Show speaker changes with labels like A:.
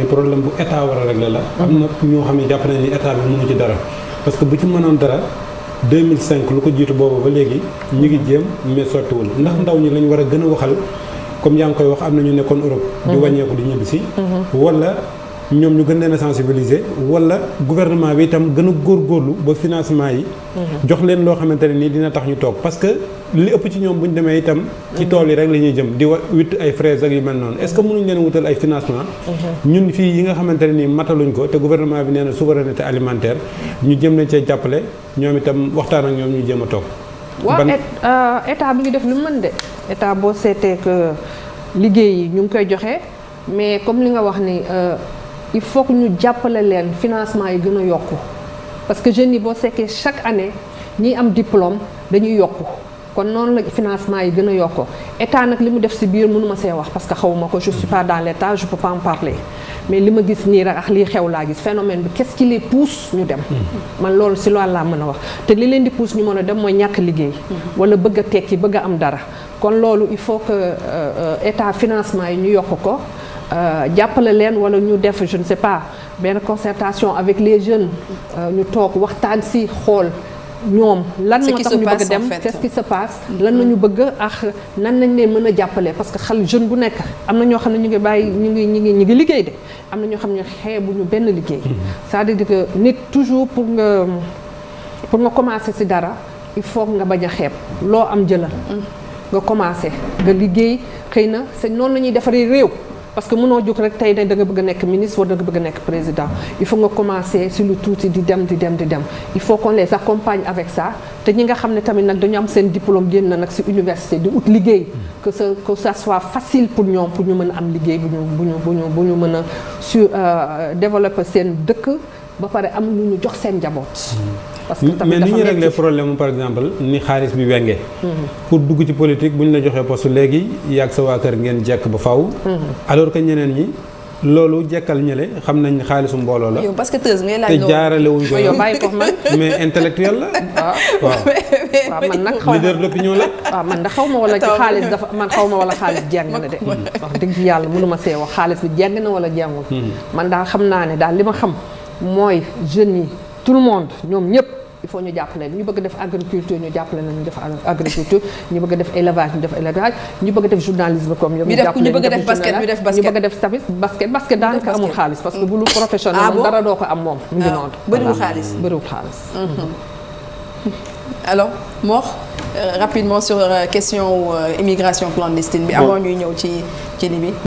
A: ne problème bu état war a régler la am na ñoo xam ne jàpp nañ ni état bi mënu ci dara parce que bu ci mënoon dara 2005 lu ko jiitu boobu ba léegi ñu ngi jéem mais sottiwul ndax ndaw ñi lañ war a gën a waxal comme yaa ngi koy wax am na ñu nekkoon Europe di mhm. wàññeeku di ñibbisi mhm. wala ñoom ñu gën leen a sensibiliser wala gouvernement bi itam gën a góorgóorlu ba financement yi. Mhm. jox leen loo xamante nii dina tax ñu toog parce li ëpp ci ñoom bu ñu demee itam. ci mhm. tool yi rek la di wa witt ay fraises ak mhm. yi nga xamante ne nii mataluñ ko te gouvernement bi nee na souveraineté alimentaire ñu jëm leen cee jàppale ñoom itam waxtaan ak ñoom ñu jéem a toog.
B: ban waaw euh, état bi def lu mën de état boo seetee que liggéey yi ñu ngi koy joxe mais comme li nga wax ni euh, il faut que ñu jàppale leen financement yi gën a yokku parce que jeunes yi boo sekkee chaque année ñiy am diplôme dañuy yokk kon noonu la financement yi gën a yokk état nag li mu def si biir mënuma see wax parce que xawuma ko je suis pas dans l'état je peux pas parler mais li ma gis nii rek lii xew laa gis phénomène bi qu'est-ce qui les pousse ñu dem man loolu si loolu laa mën a wax te li leen di pousse ñu mën a dem mooy ñàkk liggéey walla bëgg a tekki bëgg a am dara kon loolu il faut que euh, euh, état financement yi ñu yokk ko Euh, jàppale leen wala ñu def jeune ne sais pas benn concertation avec les jeunes euh, ñu toog waxtaan si xool ñoom lan moo tax ñu bëgg dem qu'est-ce qui se passe lan nañu bëgg ak nan nañ leen mën a jàppale parce que xal jeune bu nekk am na ñoo xam ne ñu ngi bàyyi ñu ngi ñu ngi ñu ngi liggéey de am na ñoo xam ne bu ñu benn liggéey mm-hmm. cest à di que nit toujours pour nga pour nga commencer si dara il faut nga bañ a xeeb loo am jëlal mm. nga commencer nga liggéey xëy na c'est noonu la ñuy defaree réew parce que mënoo jóg rek tey ne da bëgg a nekk ministre wala da bëgg a nekk président il faut nga commencer si lu tuuti di dem di dem di dem il faut qu'on les compagne avec sa te ñi nga xam ne tamit nag dañu am seen diplôme génn na nag si université di ut liggéey que ça que facile pour ñoom pour ñu mën a am liggéey bu ñu bu ñu bu ñu bu ñu mën a su euh, développer seen dëkk ba pare am lu ñu jox seen njaboot mm. parce
A: que tamit mais ni ñu réglé problème par exemple ni xaalis bi wenge mm-hmm. pour dugg ci politique bu ñu la joxee poste léegi yàgg sa waa kër ngeen jekk ba faw
B: mm-hmm.
A: alors que ñeneen ñi loolu jekkal ñële xam nañ xaalisu mbooloo la.
B: parce que tëz ngay laaj te
A: jaarale wuñ ko yow bàyyi ko man mais intellectuel la. Ah. waaw
B: waaw nag xaw ma leader la. waaw man da xaw ma wala xaalis dafa man xaw ma wala xaalis jàng na de. Mm-hmm. wax dëgg yàlla mënu ma see wax xaalis bi jàng na wala jàngul. man daa xam naa ne daal li ma xam mooy jeunes yi tout le monde ñoom ñëpp. il faut ñu jàppale ñu bëgg def agriculture ñu jàppale ñu def agriculture ñu bëgg def élevage ñu def élevage ñu bëgg def journalisme comme ñoom ñu def basket ñu bëgg def tamit basket basket daanaka amul xaalis parce que mm. bu lu professionnel ah dara doo ko am moom mu ngi ah. noonu bëriwul xaalis bëriwul xaalis mm-hmm. alors Mor euh, rapidement sur euh, question euh, immigration clandestine bi avant ñuy ñëw ci ci li bi